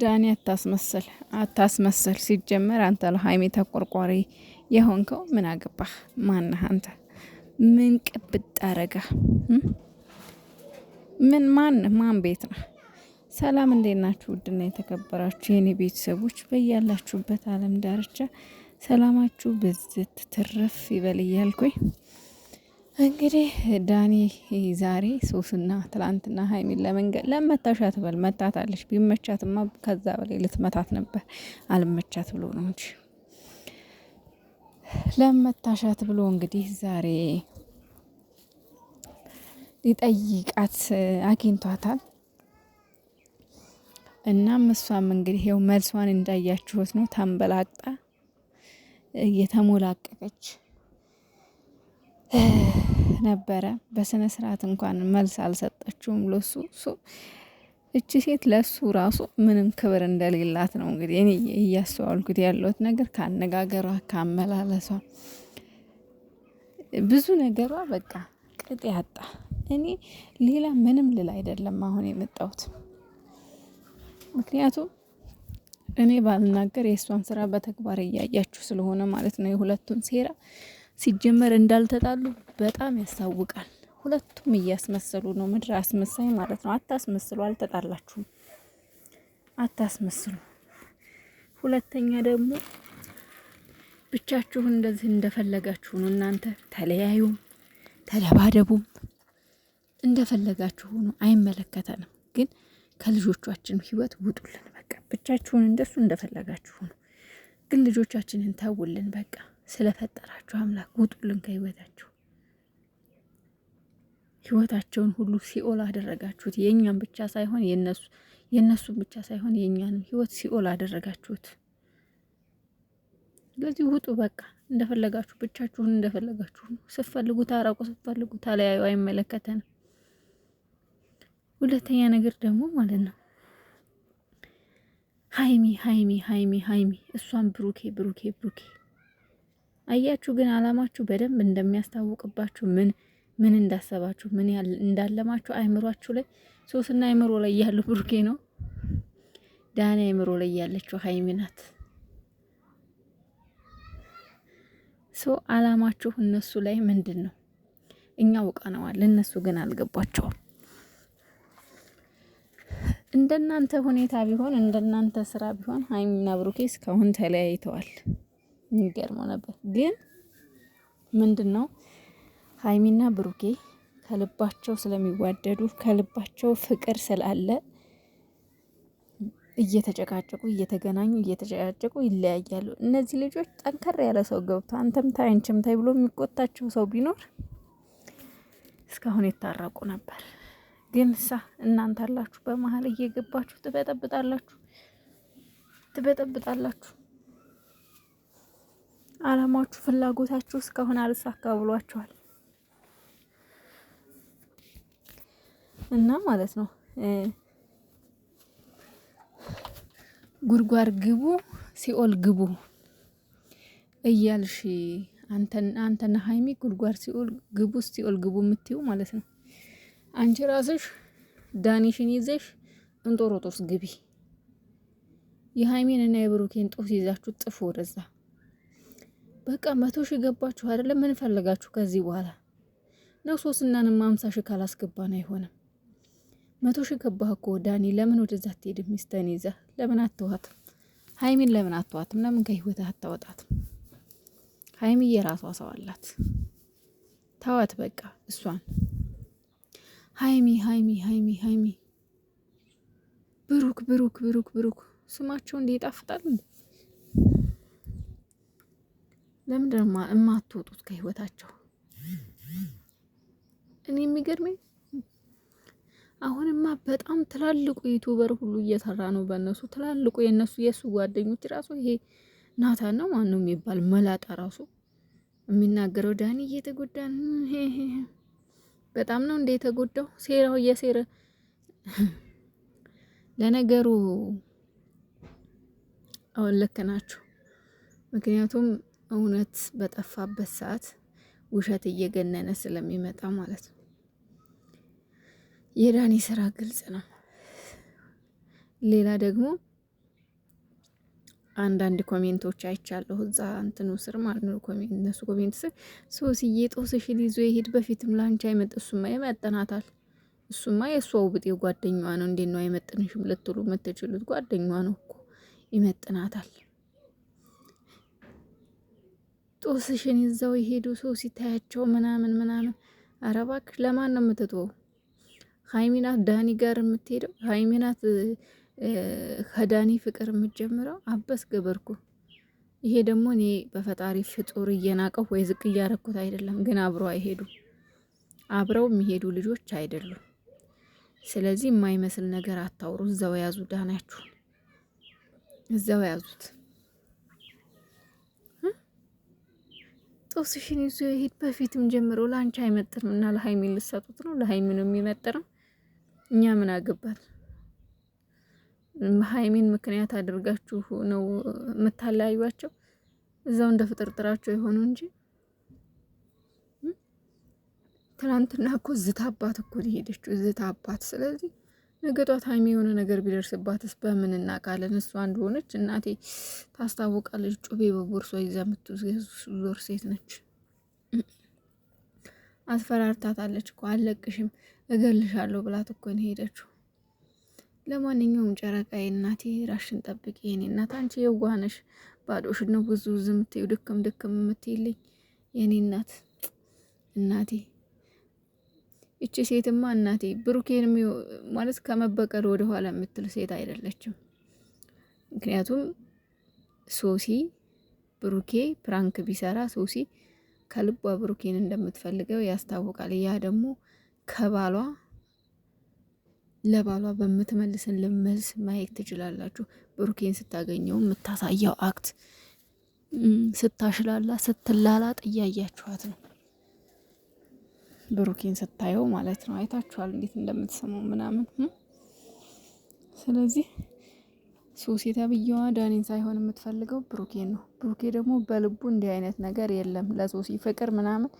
ዳኒ አታስመስል አታስመስል። ሲጀመር አንተ ለሀይሚ ተቆርቋሪ የሆንከው ምን አገባህ? ማነህ አንተ? ምን ቅብጥ አረጋ? ምን ማን ማን ቤት ነ? ሰላም እንዴት ናችሁ? ውድና የተከበራችሁ የኔ ቤተሰቦች በያላችሁበት አለም ዳርቻ ሰላማችሁ ብዝት ትርፍ ይበል እያልኩኝ እንግዲህ ዳኒ ዛሬ ሶስና ትላንትና ሀይሚን ለመንገድ ለመታሻት በል መታታለች። ቢመቻትማ ከዛ በላይ ልትመታት ነበር። አልመቻት ብሎ ነው እንጂ ለመታሻት ብሎ እንግዲህ ዛሬ ሊጠይቃት አግኝቷታል። እናም እሷም እንግዲህ ይኸው መልሷን እንዳያችሁት ነው። ታንበላቅጣ እየተሞላቀቀች ነበረ። በስነ ስርዓት እንኳን መልስ አልሰጠችውም ለሱ እሱ እቺ ሴት ለሱ ራሱ ምንም ክብር እንደሌላት ነው እንግዲህ እኔ እያስተዋልኩት ያለሁት ነገር ካነጋገሯ፣ ካመላለሷ፣ ብዙ ነገሯ በቃ ቅጥ ያጣ። እኔ ሌላ ምንም ልል አይደለም አሁን የመጣሁት ምክንያቱም እኔ ባልናገር የእሷን ስራ በተግባር እያያችሁ ስለሆነ ማለት ነው የሁለቱን ሴራ ሲጀመር እንዳልተጣሉ በጣም ያሳውቃል። ሁለቱም እያስመሰሉ ነው። ምድር አስመሳይ ማለት ነው። አታስመስሉ፣ አልተጣላችሁም፣ አታስመስሉ። ሁለተኛ ደግሞ ብቻችሁን እንደዚህ እንደፈለጋችሁ ነው። እናንተ ተለያዩም ተደባደቡም እንደፈለጋችሁ ነው። አይመለከተንም። ግን ከልጆቻችን ህይወት ውጡልን። በቃ ብቻችሁን እንደሱ እንደፈለጋችሁ ነው። ግን ልጆቻችንን ተውልን በቃ ስለፈጠራችሁ አምላክ ውጡልን ከህይወታችሁ። ህይወታቸውን ሁሉ ሲኦል አደረጋችሁት። የእኛን ብቻ ሳይሆን የነሱ ብቻ ሳይሆን የእኛንም ህይወት ሲኦል አደረጋችሁት። ስለዚህ ውጡ፣ በቃ እንደፈለጋችሁ ብቻችሁን እንደፈለጋችሁ ስትፈልጉ ታረቁ፣ ስትፈልጉ ተለያዩ። አይመለከተንም። ሁለተኛ ነገር ደግሞ ማለት ነው ሀይሚ ሀይሚ ሀይሚ ሀይሚ እሷን ብሩኬ ብሩኬ ብሩኬ አያችሁ ግን አላማችሁ በደንብ እንደሚያስታውቅባችሁ ምን ምን እንዳሰባችሁ ምን እንዳለማችሁ አይምሯችሁ ላይ ሶስና አይምሮ ላይ ያለው ብሩኬ ነው። ዳኒ አይምሮ ላይ ያለችው ሀይሚ ናት። ሶ አላማችሁ እነሱ ላይ ምንድን ነው? እኛ አውቀነዋል፣ እነሱ ግን አልገባቸውም። እንደናንተ ሁኔታ ቢሆን እንደናንተ ስራ ቢሆን ሀይሚና ብሩኬ እስካሁን ተለያይተዋል። የሚገርመው ነበር። ግን ምንድን ነው ሀይሚና ብሩኬ ከልባቸው ስለሚዋደዱ ከልባቸው ፍቅር ስላለ እየተጨቃጨቁ እየተገናኙ እየተጨቃጨቁ ይለያያሉ። እነዚህ ልጆች ጠንከር ያለ ሰው ገብቶ አንተም ታይ አንቺም ታይ ብሎ የሚቆጣቸው ሰው ቢኖር እስካሁን የታረቁ ነበር። ግን ሳ እናንተ አላችሁ፣ በመሀል እየገባችሁ ትበጠብጣላችሁ ትበጠብጣላችሁ። አላማችሁ፣ ፍላጎታችሁ እስካሁን አልሳካ ብሏችኋል እና ማለት ነው ጉድጓድ ግቡ ሲኦል ግቡ እያልሽ አንተና ሀይሚ ጉድጓድ ሲኦል ግቡ ሲኦል ግቡ የምትዩ ማለት ነው። አንቺ ራስሽ ዳኒሽን ይዘሽ እንጦሮጦስ ግቢ። የሀይሜን እና የብሩኬን ጦስ ይዛችሁ ጥፉ ወደዛ። በቃ መቶ ሺህ ገባችሁ አይደለም? ምን ፈልጋችሁ ከዚህ በኋላ ነው? ሶስናንም አምሳ ሺህ ካላስገባን አይሆንም። መቶ ሺህ ገባህ እኮ ዳኒ፣ ለምን ወደዛ አትሄድም? ሚስተን ይዘህ ለምን አትዋትም? ሀይሚን ለምን አትዋትም? ለምን ከህይወት አታወጣትም? ሀይሚ የራሷ ሰው አላት። ታዋት በቃ እሷን ሀይሚ ሀይሚ ሀይሚ ሀይሚ ብሩክ ብሩክ ብሩክ ብሩክ ስማቸው እንዲህ ይጣፍጣል። ለምንድነው የማትወጡት ከህይወታቸው? እኔ የሚገርመኝ አሁንማ በጣም ትላልቁ ዩቱበር ሁሉ እየሰራ ነው በእነሱ ትላልቁ የእነሱ የእሱ ጓደኞች ራሱ ይሄ ናታ ነው ማን ነው የሚባል መላጣ ራሱ የሚናገረው ዳኒ እየተጎዳን በጣም ነው እንደ የተጎዳው ሴራው እየሴረ ለነገሩ አሁን ልክ ምክንያቱም እውነት በጠፋበት ሰዓት ውሸት እየገነነ ስለሚመጣ ማለት ነው። የዳኒ ስራ ግልጽ ነው። ሌላ ደግሞ አንዳንድ ኮሜንቶች አይቻለሁ እዛ እንትኑ ስር ማለት ነው። እነሱ ኮሜንት ስር ሶስዬ ጦስሽን ይዞ የሄድ በፊትም ላንቺ አይመጥ እሱማ ይመጥናታል። እሱማ የእሷ ውብጤ ጓደኛዋ ነው። እንዴት ነው አይመጥንሽም ልትሉ የምትችሉት? ጓደኛዋ ነው እኮ ይመጥናታል። ጦስሽን ይዘው የሄዱ ሰው ሲታያቸው ምናምን ምናምን። ኧረ እባክሽ ለማን ነው የምትተወው? ሀይሚናት ዳኒ ጋር የምትሄደው ሀይሚናት ከዳኒ ፍቅር የምትጀምረው አበስ ገበርኩ። ይሄ ደግሞ እኔ በፈጣሪ ፍጡር እየናቀው ወይ ዝቅ እያረኩት አይደለም፣ ግን አብረው አይሄዱም። አብረው የሚሄዱ ልጆች አይደሉም። ስለዚህ የማይመስል ነገር አታውሩ። እዛው ያዙ ዳናችሁን፣ እዛው ያዙት። ሶስሽን ይዞ ይሄድ። በፊትም ጀምሮ ለአንቺ አይመጥንም እና ለሀይሚ ልሰጡት ነው። ለሀይሚ ነው የሚመጥነው። እኛ ምን አገባል? ሀይሚን ምክንያት አድርጋችሁ ነው የምታለያዩቸው። እዛው እንደ ፍጥርጥራቸው የሆኑ እንጂ ትናንትና እኮ ዝታ አባት እኮ ሄደችው፣ ዝታ አባት። ስለዚህ ነገ ጧት ሀይሚ የሆነ ነገር ቢደርስባትስ በምን እሱ እሷ ሆነች እናቴ ታስታውቃለች። ጩቤ በቦርሷ ይዛ የምትዞር ሴት ነች። አስፈራርታታለች እኮ አለቅሽም፣ እገልሻለሁ ብላት እኮ ነው ሄደችው። ለማንኛውም ጨረቃዬ እናቴ ራሽን ጠብቂ። የኔ እናት አንቺ የዋነሽ ባዶሽ ነው ብዙ ዝም ድክም ድክም የምትይልኝ የኔ እናት እናቴ እቺ ሴትማ እናቴ ብሩኬን ማለት ከመበቀል ወደኋላ የምትል ሴት አይደለችም። ምክንያቱም ሶሲ ብሩኬ ፕራንክ ቢሰራ ሶሲ ከልቧ ብሩኬን እንደምትፈልገው ያስታውቃል። ያ ደግሞ ከባሏ ለባሏ በምትመልስን መልስ ማየት ትችላላችሁ። ብሩኬን ስታገኘው የምታሳየው አክት ስታሽላላ ስትላላ ጥያያችኋት ነው። ብሩኬን ስታየው ማለት ነው። አይታችኋል እንዴት እንደምትሰማው ምናምን። ስለዚህ ሶሴ ተብዬዋ ዳኒን ሳይሆን የምትፈልገው ብሩኬን ነው። ብሩኬ ደግሞ በልቡ እንዲህ አይነት ነገር የለም። ለሶሲ ፍቅር ምናምን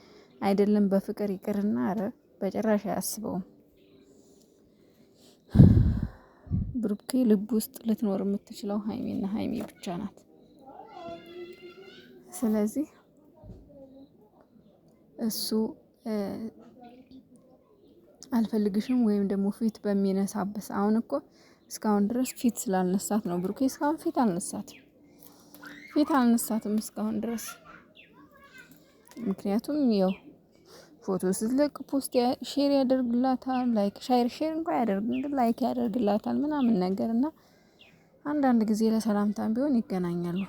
አይደለም በፍቅር ይቅርና አረ በጭራሽ አያስበውም። ብሩኬ ልብ ውስጥ ልትኖር የምትችለው ሀይሜና ሀይሜ ብቻ ናት። ስለዚህ እሱ አልፈልግሽም ወይም ደግሞ ፊት በሚነሳበት አሁን እኮ እስካሁን ድረስ ፊት ስላልነሳት ነው ብሩኬ። እስካሁን ፊት አልነሳትም፣ ፊት አልነሳትም እስካሁን ድረስ። ምክንያቱም ያው ፎቶ ስትለቅ ፖስት ሼር ያደርግላታል፣ ላይክ ሻይር ሼር እንኳ ያደርግ ላይክ ያደርግላታል ምናምን ነገር እና አንዳንድ ጊዜ ለሰላምታም ቢሆን ይገናኛሉ።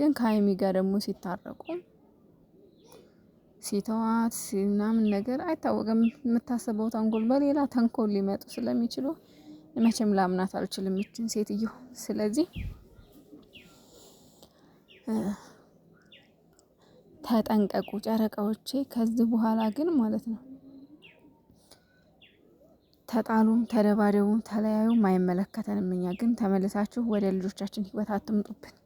ግን ከሀይሚ ጋር ደግሞ ሲታረቁ ሲተዋት ምናምን ነገር አይታወቅም። የምታስበው ተንኮል በሌላ ተንኮል ሊመጡ ስለሚችሉ መቼም ላምናት አልችልም ይችን ሴትዮ። ስለዚህ ተጠንቀቁ ጨረቃዎቼ። ከዚህ በኋላ ግን ማለት ነው ተጣሉም፣ ተደባደቡም፣ ተለያዩም አይመለከተንም። እኛ ግን ተመልሳችሁ ወደ ልጆቻችን ህይወት አትምጡብን።